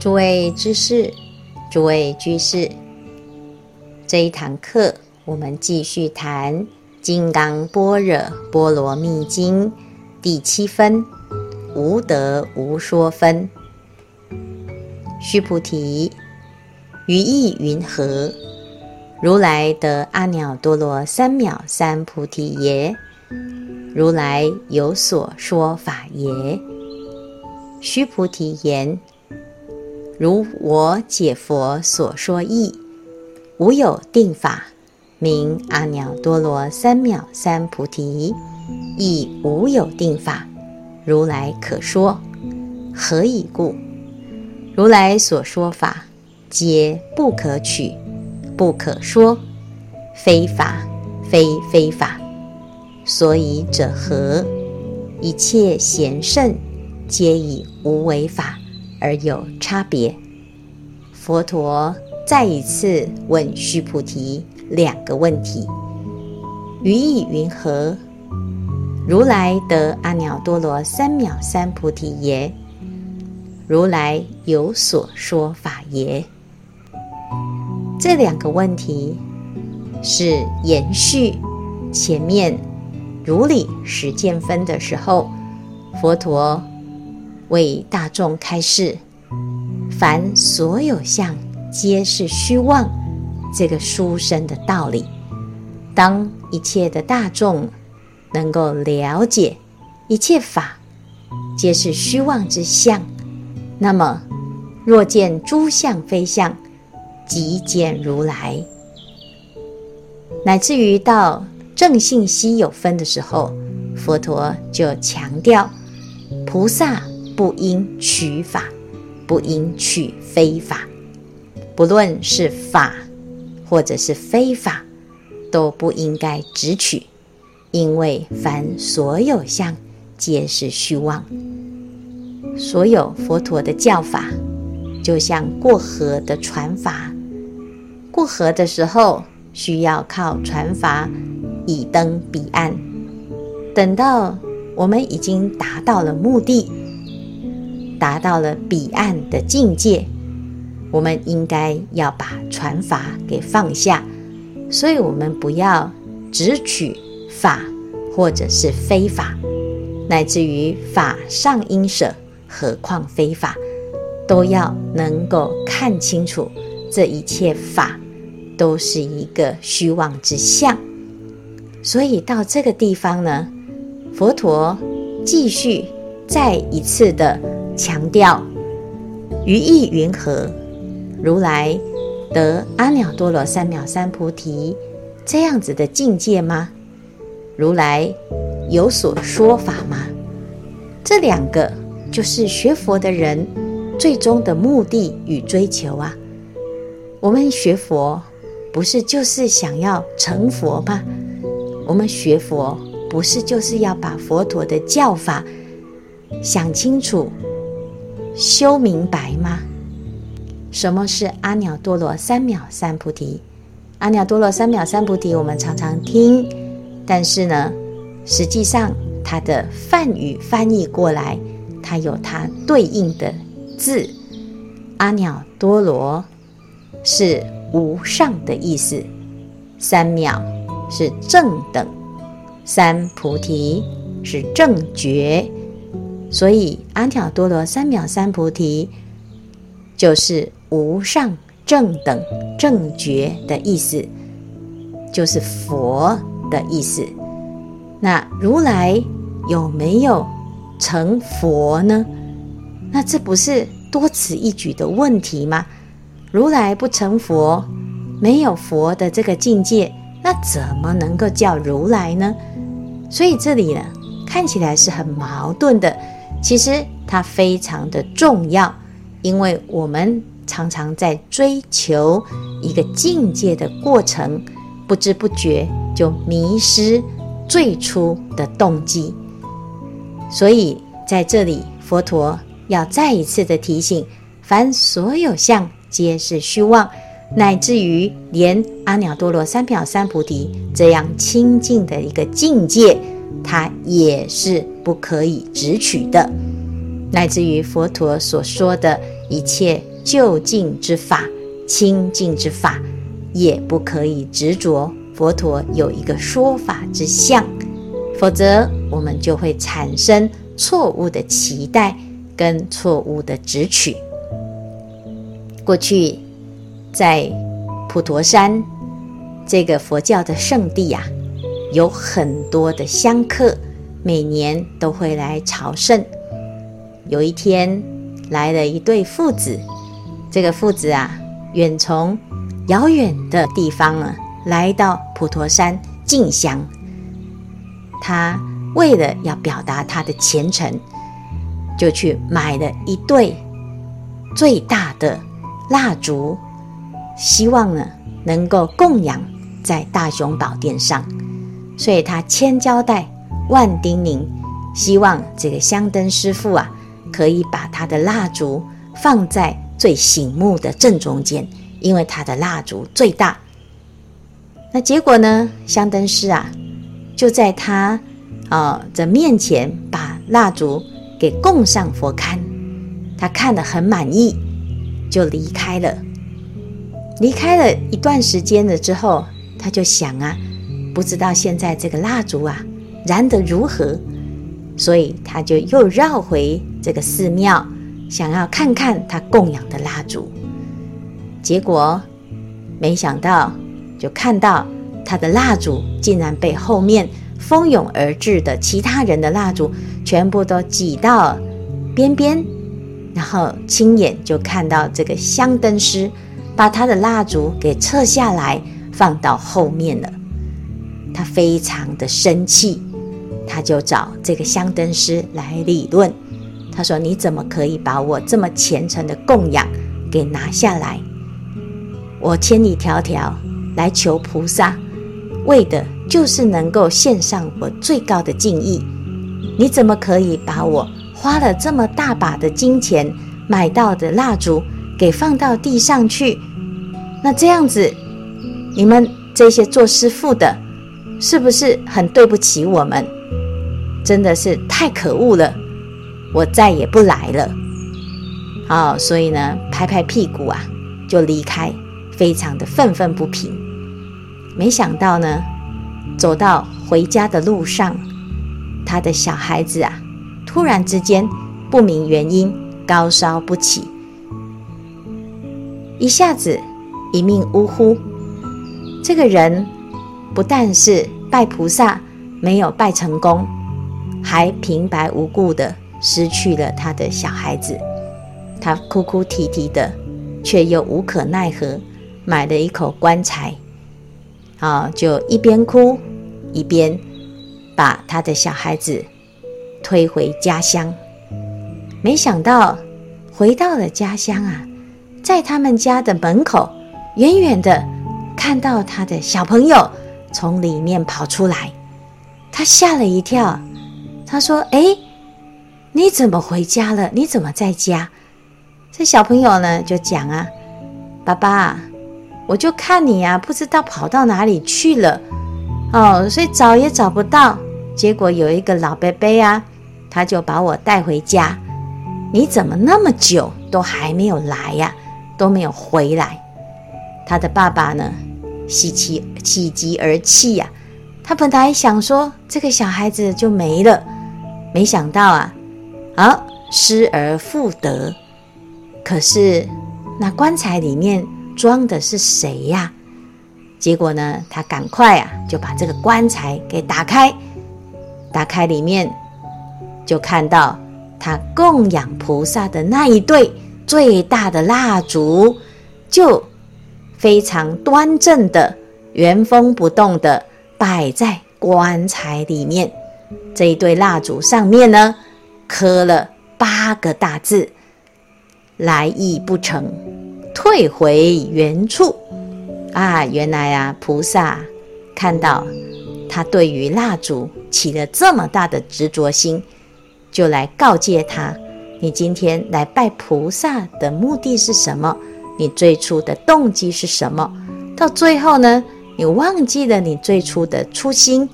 諸位居士，諸位居士，這一堂課我們繼續談《金剛般若波羅蜜經》第七分“無得無說分”。須菩提，於意云何？如來得阿耨多羅三藐三菩提耶？如來有所說法耶？須菩提言。如我解佛所說義，無有定法，名阿耨多羅三藐三菩提，亦無有定法，如來可說。何以故？如來所說法，皆不可取，不可說，非法，非非法。所以者何？一切賢聖，皆以無為法。而有差別。佛陀再一次問須菩提兩個問題：“於意云何？如來得阿耨多羅三藐三菩提耶？如來有所說法耶？”這兩個問題是延續前面如理實見分的時候，佛陀。為大眾開示，凡所有相，皆是虛妄。這個甚深的道理，當一切的大眾能夠了解，一切法皆是虛妄之相。那麼，若見諸相非相，即見如來。乃至於到正信希有分的時候，佛陀就強調菩薩。不應取法，不應取非法，不論是法或者是非法，都不應該執取，因為凡所有相皆是虛妄。所有佛陀的教法，就像過河的船筏，過河的時候需要靠船筏以登彼岸。等到我們已經達到了目的。達到了彼岸的境界，我們應該要把船筏給放下，所以，我們不要只取法，或者是非法，乃至於法上應捨，何況非法，都要能夠看清楚這一切法都是一個虛妄之相。所以，到這個地方呢，佛陀繼續再一次的。強調於意云何？如來得阿耨多羅三藐三菩提這樣子的境界嗎？如來有所說法嗎？這兩個就是學佛的人最終的目的與追求啊！我們學佛不是就是想要成佛嗎？我們學佛不是就是要把佛陀的教法想清楚？修明白嗎？什麼是阿耨多羅三藐三菩提？阿耨多羅三藐三菩提我們常常聽，但是呢，實際上它的梵語翻譯過來，它有它對應的字。阿耨多羅是無上的意思，三藐是正等，三菩提是正覺。所以，阿耨多羅三藐三菩提，就是無上正等正覺的意思，就是佛的意思。那如來有沒有成佛呢？那這不是多此一舉的問題嗎？如來不成佛，沒有佛的這個境界，那怎麼能夠叫如來呢？所以這裡呢，看起來是很矛盾的。其實它非常的重要，因為我們常常在追求一個境界的過程，不知不覺就迷失最初的動機。所以在這裡，佛陀要再一次的提醒：凡所有相，皆是虛妄；乃至於連阿耨多羅三藐三菩提這樣清淨的一個境界。它也是不可以執取的，乃至於佛陀所說的一切究竟之法，清淨之法，也不可以執着佛陀有一個說法之相，否則我們就會產生錯誤的期待跟錯誤的執取。過去在普陀山這個佛教的聖地呀、啊。有很多的香客，每年都會來朝聖。有一天，來了一對父子。這個父子啊，遠從遙遠的地方呢，來到普陀山進香。他為了要表達他的虔誠，就去買了一對最大的蠟燭，希望呢，能夠供養在大雄寶殿上。所以他千交代萬叮嚀，希望這個香燈師父啊，可以把他的蠟燭放在最醒目的正中間，因為他的蠟燭最大。那結果呢？香燈師啊，就在他啊的面前把蠟燭給供上佛龕，他看得很滿意，就離開了。離開了一段時間了之後，他就想啊。不知道現在這個蠟燭啊燃得如何，所以他就又繞回這個寺廟，想要看看他供養的蠟燭。結果沒想到，就看到他的蠟燭竟然被後面蜂擁而至的其他人的蠟燭全部都擠到邊邊，然後親眼就看到這個香燈師把他的蠟燭給撤下來，放到後面了。他非常的生氣，他就找這個香燈師來理論。他說：“你怎麼可以把我這麼虔誠的供養給拿下來？我千里迢迢來求菩薩，為的就是能夠獻上我最高的敬意。你怎麼可以把我花了這麼大把的金錢買到的蠟燭給放到地上去？那這樣子，你們這些做師父的。”是不是很對不起我們？真的是太可惡了！我再也不來了。哦，所以呢，拍拍屁股啊，就離開，非常的憤憤不平。沒想到呢，走到回家的路上，他的小孩子啊，突然之間不明原因高燒不起，一下子一命嗚呼。這個人。不但是拜菩薩沒有拜成功，還平白無故的失去了他的小孩子，他哭哭啼啼的，卻又無可奈何，買了一口棺材，啊，就一邊哭一邊把他的小孩子推回家鄉。沒想到回到了家鄉啊，在他們家的門口，遠遠的看到他的小朋友。從裡面跑出來，他嚇了一跳。他說：“誒，你怎麼回家了？你怎麼在家？”這小朋友呢就講啊：“爸爸，我就看你呀，不知道跑到哪裡去了哦，所以找也找不到。結果有一個老伯伯啊，他就把我帶回家。你怎麼那麼久都還沒有來呀？都沒有回來。”他的爸爸呢？喜極喜極而泣呀！他本來想說，這個小孩子就沒了，沒想到啊，啊失而復得。可是那棺材裡面裝的是誰呀？結果呢，他趕快啊就把這個棺材給打開，打開裡面就看到他供養菩薩的那一對最大的蠟燭，就。非常端正的，原封不動的擺在棺材裡面。這一對蠟燭上面呢，刻了八個大字：“來意不成，退回原處。”啊，原來啊，菩薩看到他對於蠟燭起了這麼大的執着心，就來告誡他：“你今天來拜菩薩的目的是什麼？”你最初的動機是什麼？到最後呢，你忘記了你最初的初心，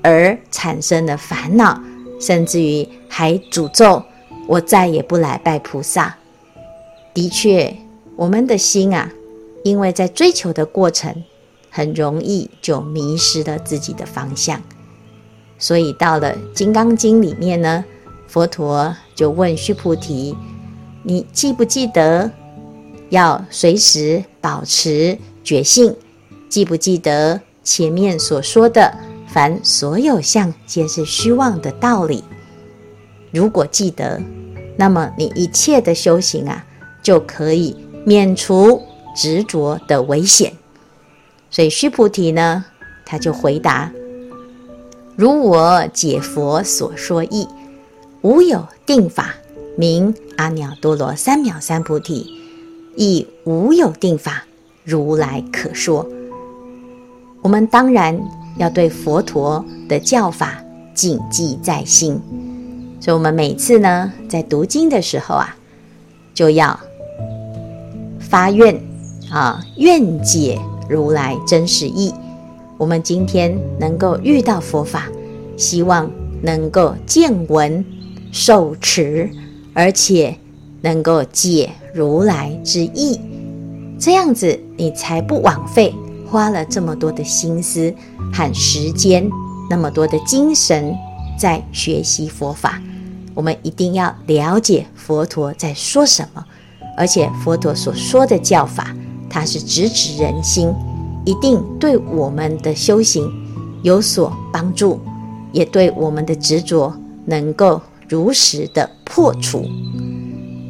而產生了煩惱，甚至於還詛咒我再也不來拜菩薩。的確，我們的心啊，因為在追求的過程，很容易就迷失了自己的方向。所以到了《金剛經》裡面呢，佛陀就問須菩提：“你記不記得？”要隨時保持覺性，記不記得前面所說的“凡所有相，皆是虛妄”的道理？如果記得，那麼你一切的修行啊，就可以免除執着的危險。所以，須菩提呢，他就回答：“如我解佛所說義，無有定法名阿耨多羅三藐三菩提。”亦無有定法，如來可說。我們當然要對佛陀的教法謹記在心，所以，我們每次呢在讀經的時候啊，就要發願啊，願解如來真實義。我們今天能夠遇到佛法，希望能夠見聞受持，而且能夠解。如來之意，這樣子你才不枉費花了這麼多的心思和時間，那麼多的精神在學習佛法。我們一定要了解佛陀在說什麼，而且佛陀所說的教法，它是直指人心，一定對我們的修行有所幫助，也對我們的執着能夠如實的破除。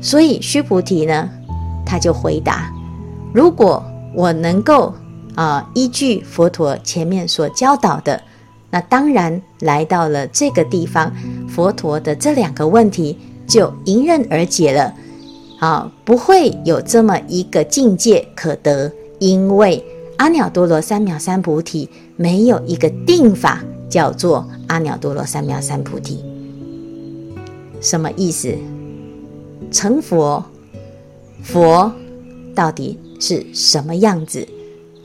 所以須菩提呢，他就回答：“如果我能夠啊，依據佛陀前面所教導的，那當然來到了這個地方，佛陀的這兩個問題就迎刃而解了。啊，不會有這麼一個境界可得，因為阿耨多羅三藐三菩提沒有一個定法叫做阿耨多羅三藐三菩提。什麼意思？”成佛，佛到底是什麼樣子？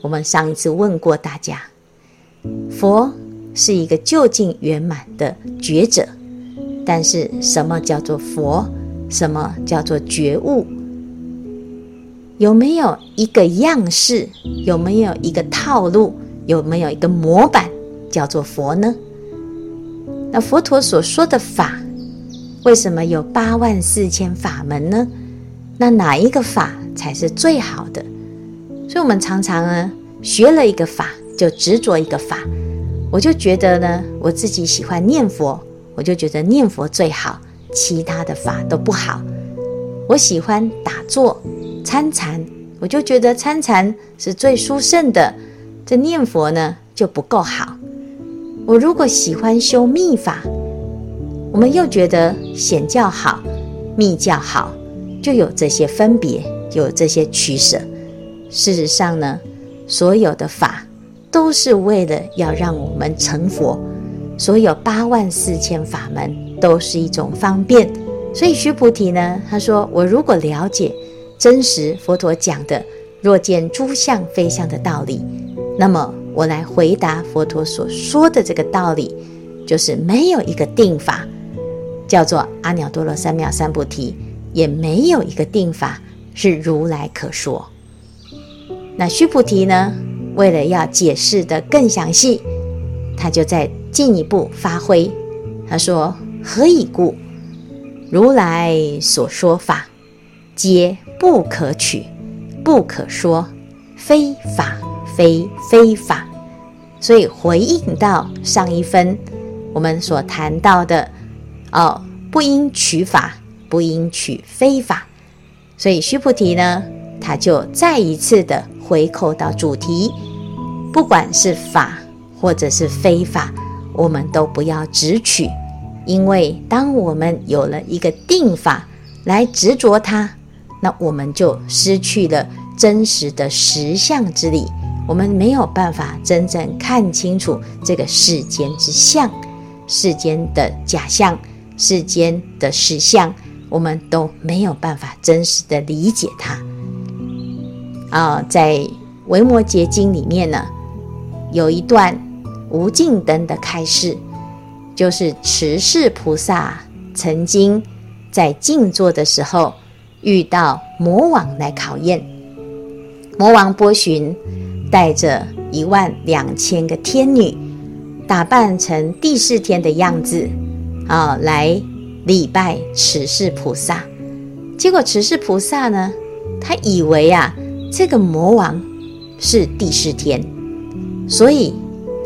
我們上一次問過大家，佛是一個究竟圓滿的覺者。但是，什麼叫做佛？什麼叫做覺悟？有沒有一個樣式？有沒有一個套路？有沒有一個模板叫做佛呢？那佛陀所說的法。為什麼有八萬四千法門呢？那哪一個法才是最好的？所以，我們常常呢，學了一個法就執着一個法。我就覺得呢，我自己喜歡念佛，我就覺得念佛最好，其他的法都不好。我喜歡打坐參禪，我就覺得參禪是最殊勝的。這念佛呢就不夠好。我如果喜歡修密法，我們又覺得顯教好，密教好，就有這些分別，有這些取捨。事實上呢，所有的法都是為了要讓我們成佛，所有八萬四千法門都是一種方便。所以，須菩提呢，他說：“我如果了解真實佛陀講的‘若見諸相非相’的道理，那麼我來回答佛陀所說的這個道理，就是沒有一個定法。”叫做阿耨多羅三藐三菩提，也沒有一個定法是如來可說。那須菩提呢，為了要解釋得更詳細，他就再進一步發揮。他說：“何以故？如來所說法，皆不可取，不可說，非法，非非法。”所以回應到上一分我們所談到的。哦，oh, 不應取法，不應取非法，所以須菩提呢，他就再一次的回扣到主題，不管是法或者是非法，我們都不要執取，因為當我們有了一個定法來執着它，那我們就失去了真實的實相之理，我們沒有辦法真正看清楚這個世間之相，世間的假象。世間的實相，我們都沒有辦法真實的理解它。啊、呃，在《維摩詰經》裡面呢，有一段無盡燈的開示，就是持世菩薩曾經在靜坐的時候，遇到魔王來考驗。魔王波旬帶着一萬兩千個天女，打扮成帝釋天的樣子。啊、哦，來禮拜持世菩薩，結果持世菩薩呢，他以為啊，這個魔王是帝釋天，所以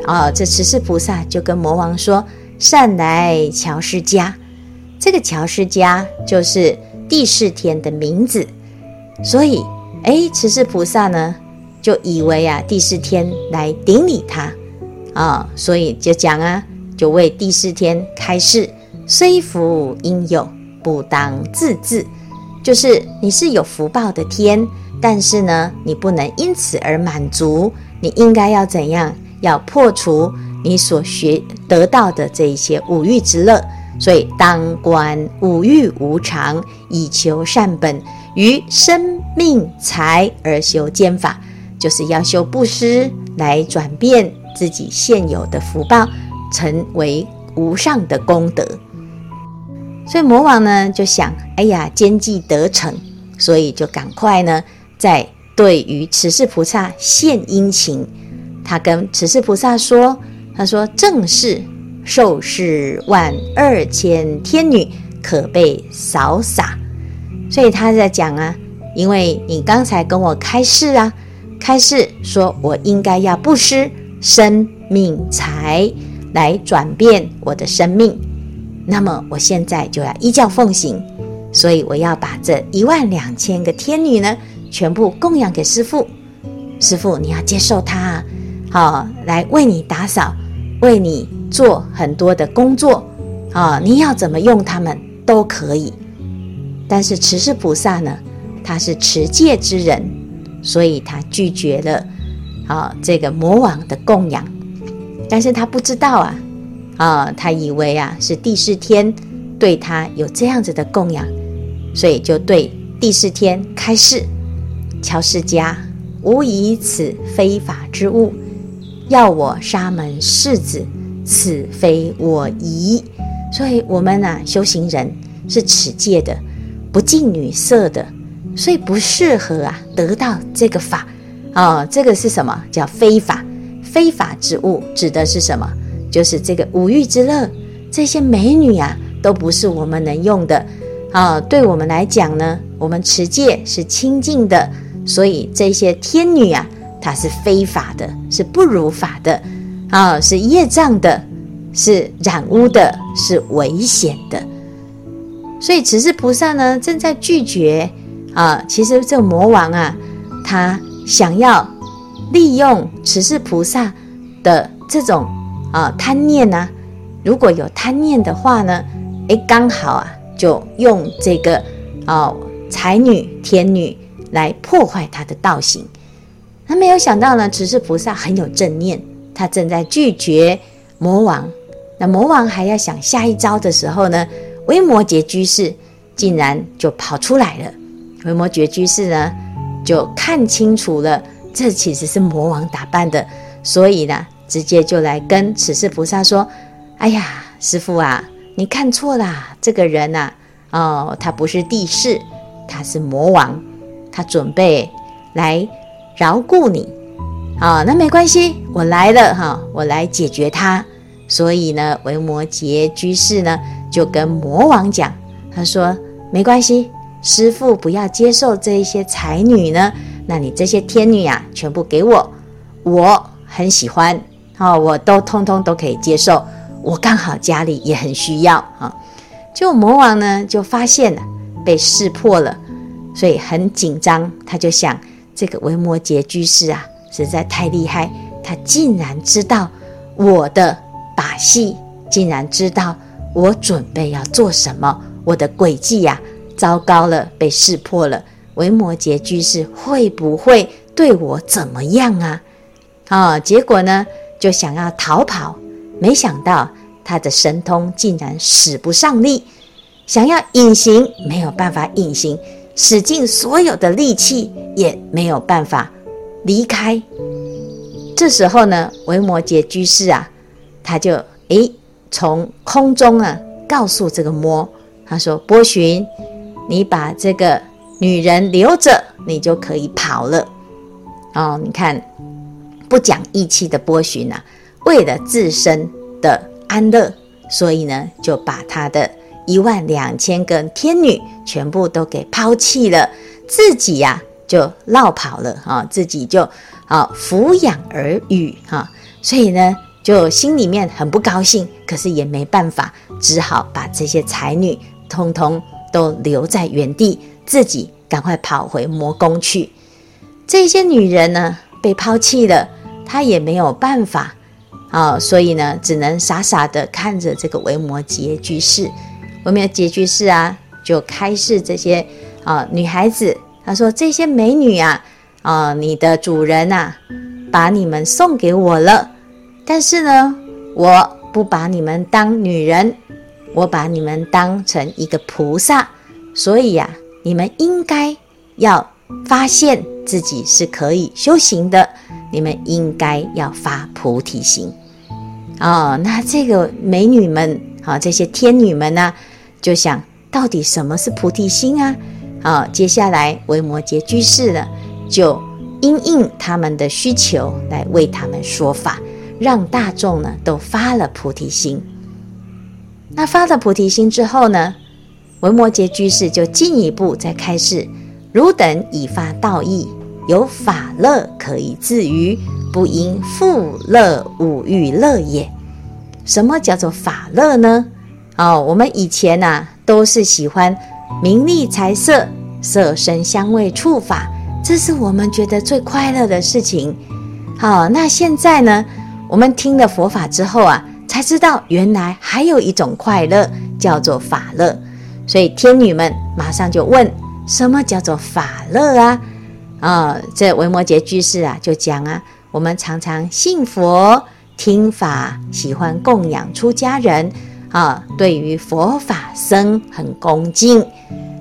啊、哦，這持世菩薩就跟魔王說：“善來憍屍迦，這個憍屍迦就是帝釋天的名字。”所以，哎，持世菩薩呢，就以為啊，帝釋天來頂禮他，啊、哦，所以就講啊。就為第四天開示，雖福應有，不當自恣。就是你是有福報的天，但是呢，你不能因此而滿足。你應該要怎樣？要破除你所學得到的這一些五欲之樂。所以當觀五欲無常，以求善本，於生命財而修堅法，就是要修布施來轉變自己現有的福報。成為無上的功德，所以魔王呢就想：“哎呀，奸計得逞，所以就趕快呢，在對於持世菩薩獻殷勤。他跟持世菩薩說，他說正士受是萬二千天女可備掃灑，所以他在講啊，因為你剛才跟我開示啊，開示說我應該要布施生命財。”來轉變我的生命，那麼我現在就要依教奉行，所以我要把這一萬兩千個天女呢，全部供養給師父。師父你要接受他，好、哦、來為你打掃，為你做很多的工作啊、哦！你要怎麼用他們都可以。但是持世菩薩呢，他是持戒之人，所以他拒絕了。啊、哦、這個魔王的供養。但是他不知道啊，啊、呃，他以為啊是帝釋天對他有這樣子的供養，所以就對帝釋天開示：“憍屍迦勿以此非法之物，要我沙門釋子，此非我宜。”所以，我們啊修行人是持戒的，不近女色的，所以不適合啊得到這個法。啊、呃，這個是什麼？叫非法。非法之物指的是什麼？就是這個五欲之樂，這些美女啊，都不是我們能用的啊。對我們來講呢，我們持戒是清淨的，所以這些天女啊，她是非法的，是不如法的，啊，是業障的，是染污的，是危險的。所以，持世菩薩呢，正在拒絕啊。其實，這魔王啊，他想要。利用持世菩薩的這種啊、呃、貪念吶、啊，如果有貪念的話呢，誒剛好啊，就用這個哦、呃、才女天女來破壞他的道行。那沒有想到呢，持世菩薩很有正念，他正在拒絕魔王。那魔王還要想下一招的時候呢，維摩詰居士竟然就跑出來了。維摩詰居士呢，就看清楚了。這其實是魔王打扮的，所以呢，直接就來跟持世菩薩說：“哎呀，師父啊，你看錯啦，這個人吶、啊，哦，他不是帝釋，他是魔王，他準備來饒過你。啊、哦，那沒關係，我來了哈、哦，我來解決他。所以呢，維摩詰居士呢，就跟魔王講，他說：沒關係。”師父，不要接受這一些才女呢？那你這些天女呀、啊，全部給我，我很喜歡啊、哦，我都通通都可以接受。我剛好家裡也很需要啊。就、哦、魔王呢，就發現了被識破了，所以很緊張。他就想，這個維摩詰居士啊，實在太厲害，他竟然知道我的把戲，竟然知道我準備要做什麼，我的詭計呀。糟糕了，被識破了！維摩詰居士會不會對我怎麼樣啊？啊、哦！結果呢，就想要逃跑，沒想到他的神通竟然使不上力，想要隱形沒有辦法隱形，使盡所有的力氣也沒有辦法離開。這時候呢，維摩詰居士啊，他就哎從空中啊告訴這個魔，他說：“波旬。”你把這個女人留着，你就可以跑了哦。你看，不講義氣的波旬啊，為了自身的安樂，所以呢，就把他的一萬兩千個天女全部都給拋棄了，自己呀、啊、就落跑了啊、哦，自己就啊、哦、撫養而女哈、哦，所以呢，就心裡面很不高興，可是也沒辦法，只好把這些才女通通。都留在原地，自己趕快跑回魔宮去。這些女人呢，被拋棄了，她也沒有辦法啊、呃，所以呢，只能傻傻的看着這個維摩詰居士。維摩詰居士啊，就開示這些啊、呃、女孩子，他說：“這些美女啊，啊、呃，你的主人啊，把你們送給我了，但是呢，我不把你們當女人。”我把你們當成一個菩薩，所以呀、啊，你們應該要發現自己是可以修行的，你們應該要發菩提心。哦，那這個美女們啊、哦，這些天女們呢、啊，就想到底什麼是菩提心啊？啊、哦，接下來維摩詰居士呢，就因應他們的需求來為他們說法，讓大眾呢都發了菩提心。那發了菩提心之後呢，維摩詰居士就進一步再開示：汝等已發道意，有法樂可以自娛，不應復樂五欲樂也。什麼叫做法樂呢？哦，我們以前吶、啊、都是喜歡名利財色、色身香味觸法，這是我們覺得最快樂的事情。好、哦，那現在呢，我們聽了佛法之後啊。才知道原來還有一種快樂叫做法樂，所以天女們馬上就問：什麼叫做法樂啊？啊、哦，這維摩詰居士啊就講啊：我們常常信佛、聽法、喜歡供養出家人啊、哦，對於佛法僧很恭敬，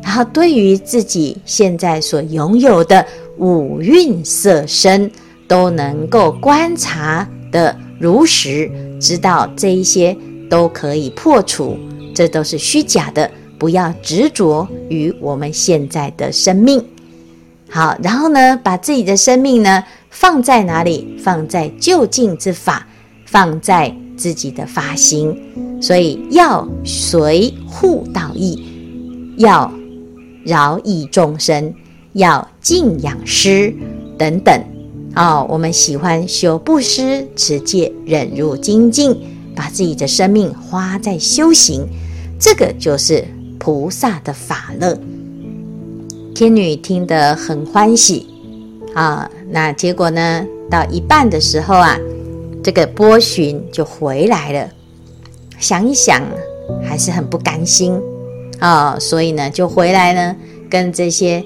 然後對於自己現在所擁有的五蘊色身都能夠觀察的。如實知道這一些都可以破除，這都是虛假的，不要執着於我們現在的生命。好，然後呢，把自己的生命呢放在哪裡？放在究竟之法，放在自己的發心。所以要隨護道義，要饒益眾生，要敬仰師等等。哦，我們喜歡修布施、持戒、忍辱、精進，把自己的生命花在修行，這個就是菩薩的法樂。天女聽得很歡喜啊、哦，那結果呢，到一半的時候啊，這個波旬就回來了，想一想還是很不甘心啊、哦，所以呢，就回來呢，跟這些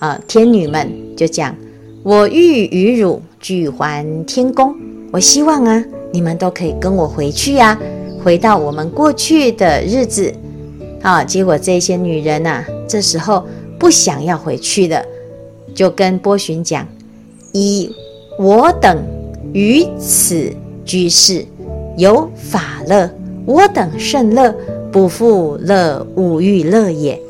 啊、哦、天女們就講。我欲與汝俱還天宮，我希望啊，你們都可以跟我回去呀，啊，回到我們過去的日子。啊，結果這些女人吶，啊，這時候不想要回去了，就跟波旬講：“以我等於此居士有法樂，我等甚樂，不復樂五欲樂也。”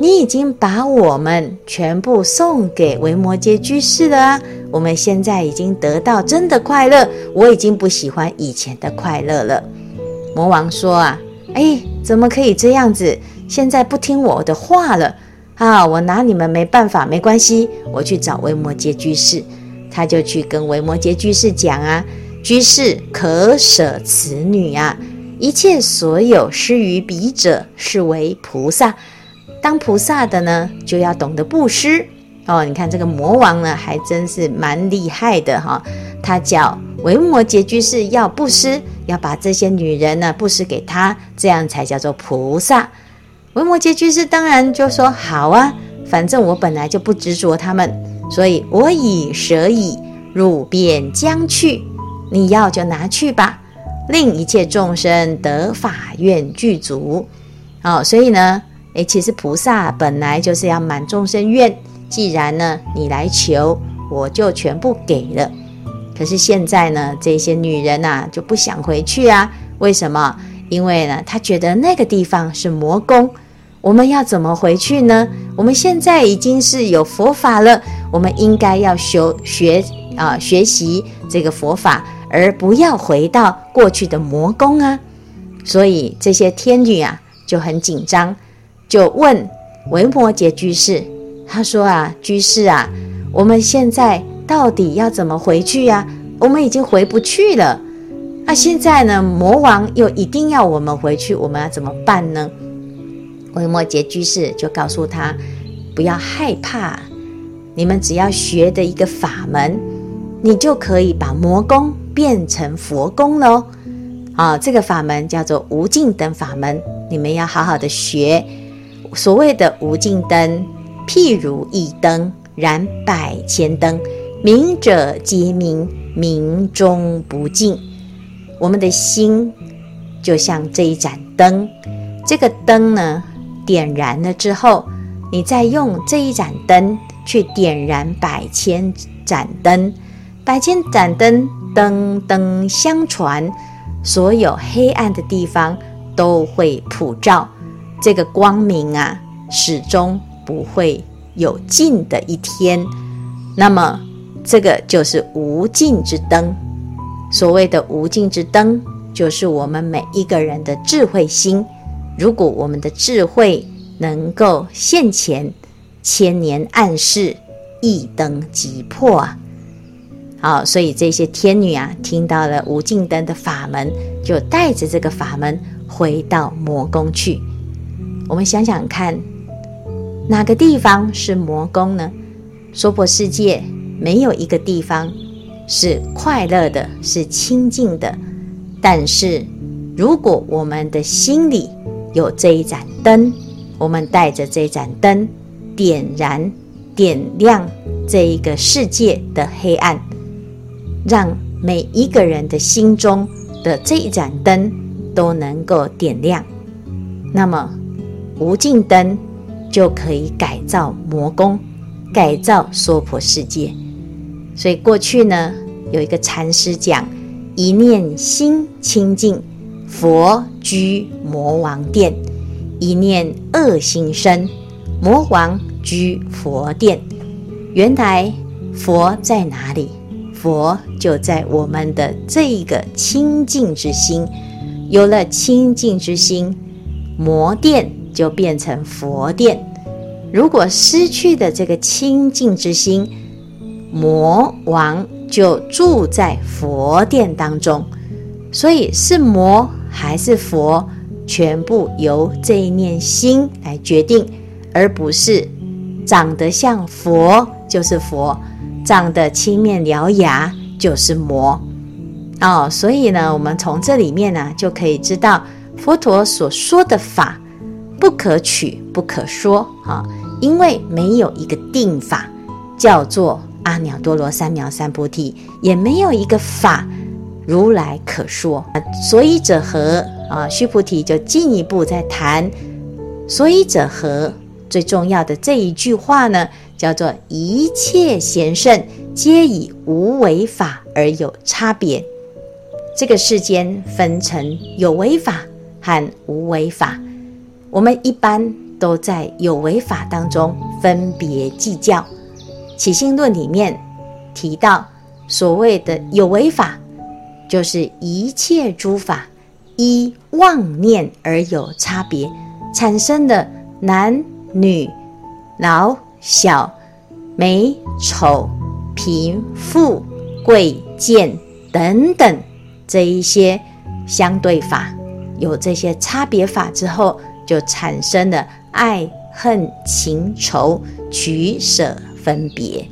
你已經把我們全部送給維摩詰居士了啊！我們現在已經得到真的快樂，我已經不喜歡以前的快樂了。魔王說啊，哎，怎麼可以這樣子？現在不聽我的話了啊！我拿你們沒辦法，沒關係，我去找維摩詰居士。他就去跟維摩詰居士講啊，居士可捨此女啊，一切所有施於彼者，是為菩薩。當菩薩的呢，就要懂得布施哦。你看這個魔王呢，還真是蠻厲害的哈、哦。他叫維摩詰居士，要布施，要把這些女人呢布施給他，這樣才叫做菩薩。維摩詰居士當然就說：“好啊，反正我本來就不執着他們，所以我已捨矣，汝便將去，你要就拿去吧，令一切眾生得法願具足。”哦，好，所以呢。誒其實菩薩本來就是要滿眾生願，既然呢你來求，我就全部給了。可是現在呢，這些女人吶，啊，就不想回去啊。為什麼？因為呢，她覺得那個地方是魔宮，我們要怎麼回去呢？我們現在已經是有佛法了，我們應該要修學，學啊，學習這個佛法，而不要回到過去的魔宮啊。所以這些天女啊就很緊張。就問維摩詰居士，他說啊，居士啊，我們現在到底要怎麼回去呀、啊？我們已經回不去了。那、啊、現在呢，魔王又一定要我們回去，我們要怎麼辦呢？維摩詰居士就告訴他，不要害怕，你們只要學的一個法門，你就可以把魔宮變成佛宮嘍。啊，這個法門叫做無盡燈法門，你們要好好的學。所謂的無盡燈，譬如一燈燃百千燈，明者皆明，明終不盡。我們的心就像這一盞燈，這個燈呢，點燃了之後，你再用這一盞燈去點燃百千盞燈，百千盞燈，燈燈相傳，所有黑暗的地方都會普照。這個光明啊，始終不會有盡的一天。那麼，這個就是無盡之燈。所謂的無盡之燈，就是我們每一個人的智慧心。如果我們的智慧能夠現前，千年暗室，一燈即破啊！好，所以這些天女啊，聽到了無盡燈的法門，就帶着這個法門回到魔宮去。我們想想看，哪個地方是魔宮呢？娑婆世界沒有一個地方是快樂的，是清淨的。但是，如果我們的心裡有這一盞燈，我們帶着這一盞燈，點燃、點亮這一個世界的黑暗，讓每一個人的心中的這一盞燈都能夠點亮，那麼，無盡燈就可以改造魔宮，改造娑婆世界。所以過去呢，有一個禪師講：一念心清淨，佛居魔王殿；一念惡心生，魔王居佛殿。原來佛在哪裡？佛就在我們的這一個清淨之心。有了清淨之心，魔殿。就變成佛殿。如果失去的這個清淨之心，魔王就住在佛殿當中。所以是魔還是佛，全部由這一念心來決定，而不是長得像佛就是佛，長得青面獠牙就是魔。哦，所以呢，我們從這裡面呢，就可以知道佛陀所說的法，不可取，不可說啊！因為沒有一個定法，叫做阿耨多羅三藐三菩提，也沒有一個法如來可說。所以者何啊？須菩提就進一步再談，所以者何？最重要的這一句話呢，叫做一切賢聖皆以無為法而有差別。這個世間分成有為法和無為法。我們一般都在有為法當中分別計較，《起信論》裡面提到，所謂的有為法，就是一切諸法依妄念而有差別，產生的男女、老小、美醜、貧富、貴賤、賤等等這一些相對法，有這些差別法之後。就產生了愛恨情仇、取舍分別，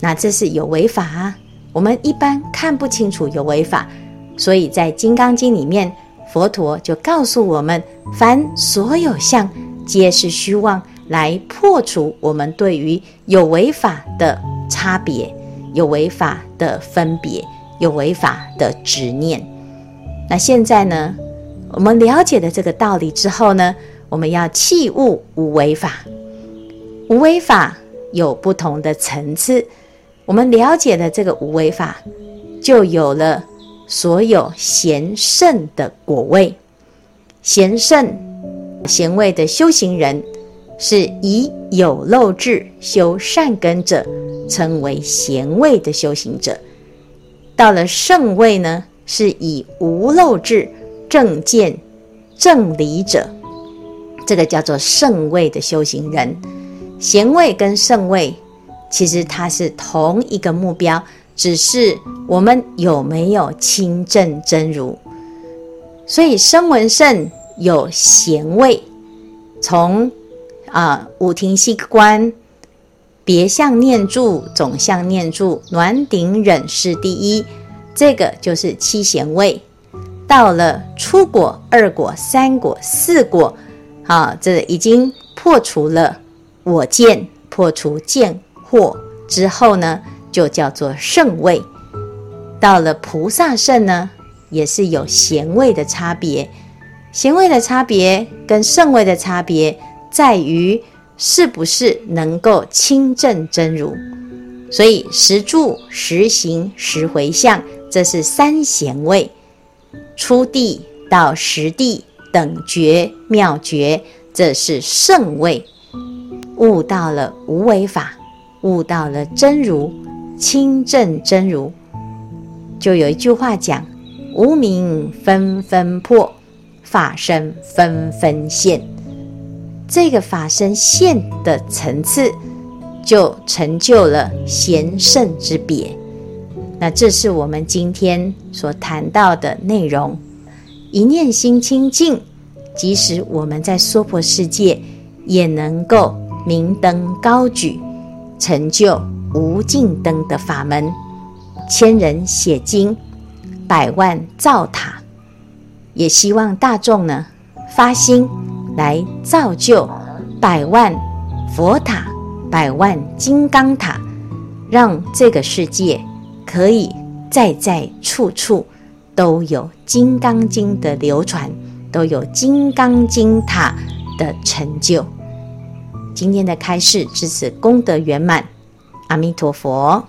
那這是有為法啊。我們一般看不清楚有為法，所以在《金剛經》裡面，佛陀就告訴我們：凡所有相，皆是虛妄。來破除我們對於有為法的差別、有為法的分別、有為法的執念。那現在呢？我們了解了這個道理之後呢，我們要契悟無為法，無為法有不同的層次。我們了解了這個無為法，就有了所有賢聖的果位。賢聖賢位的修行人，是以有漏智修善根者，稱為賢位的修行者。到了聖位呢，是以無漏智。正見、正理者，這個叫做聖位的修行人。賢位跟聖位，其實它是同一個目標，只是我們有沒有親證真如。所以聲聞乘有賢位，從啊五停心觀、別相念住、總相念住、暖頂忍世第一，這個就是七賢位。到了初果、二果、三果、四果，啊，這已經破除了我見，破除見惑之後呢，就叫做聖位。到了菩薩聖呢，也是有賢位的差別，賢位的差別跟聖位的差別在於是不是能夠親證真如。所以十住、十行、十回向，這是三賢位。初地到十地等覺妙覺，這是聖位。悟到了無為法，悟到了真如，清淨真如，就有一句話講：無明分分破，法身分分現。這個法身現的層次，就成就了賢聖之別。那這是我們今天所談到的內容。一念心清淨，即使我們在娑婆世界，也能夠明燈高舉，成就無盡燈的法門。千人寫經，百萬造塔，也希望大眾呢發心來造就百萬佛塔、百萬金剛塔，讓這個世界。可以，在在處處都有《金剛經》的流傳，都有《金剛經》塔的成就。今天的開示至此功德圓滿，阿彌陀佛。